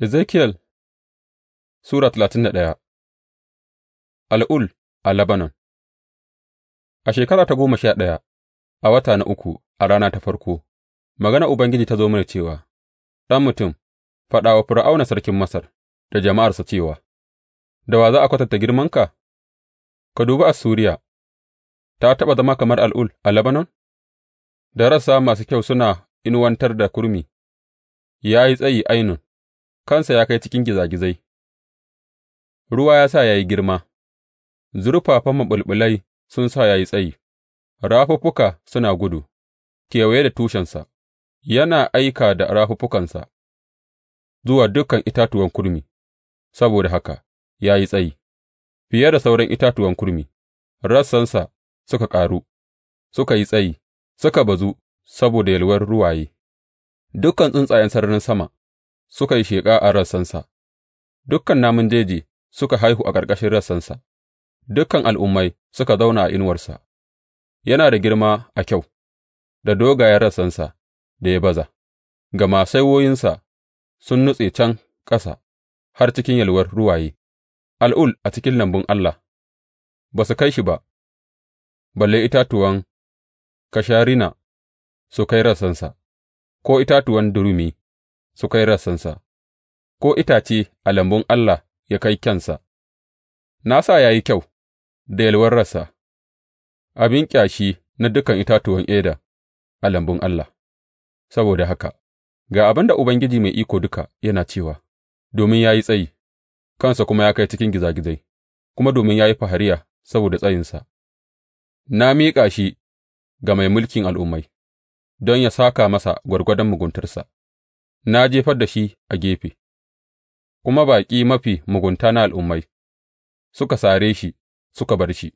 Ezekiel Sura talatin da ɗaya Al'ul a Lebanon A shekara ta goma sha ɗaya, a wata na uku a rana ta farko, magana Ubangiji ta zo mana cewa, Ɗan mutum, faɗawa Fir'auna sarkin Masar da jama'arsa cewa, Da wa za a kwatanta girmanka? Ka dubi Suriya. ta taɓa zama kamar al'ul a Lebanon? Da rassa masu kyau suna inuwantar da kurmi, ya yi tsayi ainun. kansa ya kai cikin gizagizai, ruwa ya sa ya yi girma, zurfafan maɓulɓulai sun sa ya yi tsayi, rafuffuka suna gudu kewaye da tushensa, yana aika da rafuffukansa zuwa dukan itatuwan kurmi, saboda haka ya yi tsayi fiye da sauran itatuwan kurmi, rassansa suka ƙaru, suka yi tsayi, suka bazu saboda yalwar ruwaye, dukan tsuntsayen sararin sama. suka yi sheƙa a rassansa, dukan namun jeji suka haihu a ƙarƙashin rassansa, dukan al'ummai suka zauna a inuwarsa, yana da girma a kyau, da dogayen rassansa da ya baza, gama saiwoyinsa sun nutse can ƙasa har cikin yalwar ruwaye, al'ul a cikin lambun Allah, ba su kai shi ba, balle itatuwan kasharina su kai rassansa, ko itatuwan durumi. su kai rassansa, ko itace a lambun Allah ya kai kyansa, na sa ya yi kyau da yalwar rassa, abin ƙyashi na dukan itatuwan Eda a lambun Allah, saboda haka, ga abin da Ubangiji Mai Iko Duka yana cewa, domin ya yi tsayi, kansa kuma ya kai cikin gizagizai, kuma domin ya yi fahariya saboda tsayinsa, na miƙa shi ga mai mulkin al'ummai, don ya saka masa gwargwadon muguntarsa. na jefar da shi a gefe, kuma baƙi mafi mugunta na al'ummai suka sare shi suka bar shi,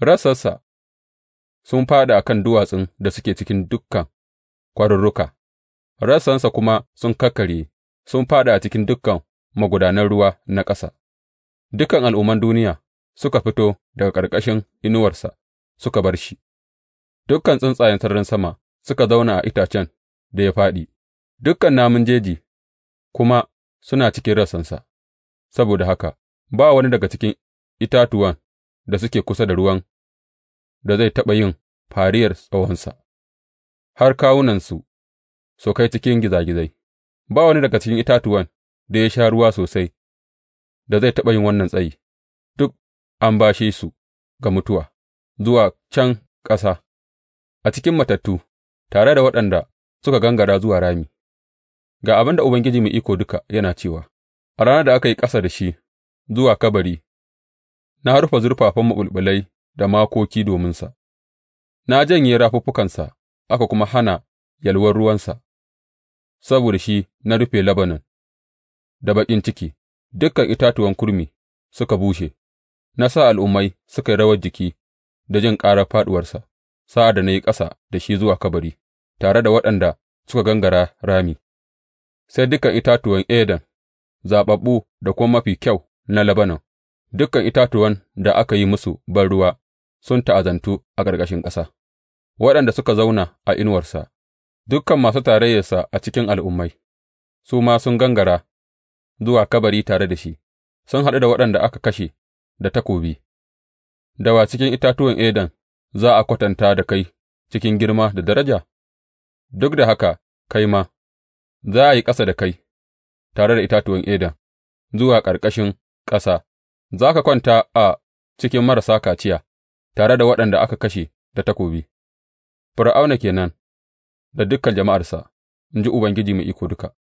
rassansa sun fāɗi a kan duwatsun da suke cikin dukkan kwarurruka, rassansa kuma sun kakkarye sun fāɗi a cikin dukkan magudanan ruwa na ƙasa, dukan al'umman duniya suka fito daga ƙarƙashin inuwarsa suka bar shi, dukan tsuntsayen sararin sama suka zauna a itacen da ya fāɗi. dukan namun jeji kuma suna cikin rassansa, saboda haka ba wani daga cikin itatuwan da suke kusa da ruwan da zai taɓa yin fariyar tsawonsa, har kawunansu su kai cikin gizagizai, ba wani daga cikin itatuwan da ya sha ruwa sosai da zai taɓa yin wannan tsayi, duk an bashe su ga mutuwa zuwa can ƙasa, a cikin matattu, tare da waɗanda suka gangara zuwa rami. Ga abin da Ubangiji Mai Iko Duka yana cewa a ranar da aka yi ƙasa da shi zuwa kabari, na rufe zurfafan maɓulɓulai da makoki dominsa, na janye rafuffukansa aka kuma hana yalwar ruwansa, saboda shi na rufe Lebanon da baƙin ciki, dukan itatuwan kurmi suka bushe, na sa al'ummai suka yi rawar jiki da jin ƙarar fāɗuwarsa sa'ad da na yi ƙasa da shi zuwa kabari tare da waɗanda suka gangara rami. sai dukan itatuwan Eden, zaɓaɓɓu da kuma mafi kyau na Lebanon, dukan itatuwan da aka yi musu banruwa sun ta'azantu a ƙarƙashin ƙasa, waɗanda suka zauna a inuwarsa, dukan masu tarayyarsa a cikin al'ummai, su ma sun gangara zuwa kabari tare da shi, sun haɗu da waɗanda aka kashe da takobi. Da wa cikin itatuwan Eden za a kwatanta da kai cikin girma da daraja? Duk da haka kai ma. za a yi ƙasa da kai tare da itatuwan Eden zuwa ƙarƙashin ƙasa, za ka kwanta a cikin marasa kaciya tare da waɗanda aka kashe da takobi, Fir'auna kenan da dukan jama'arsa, in ji Ubangiji Mai Iko Duka.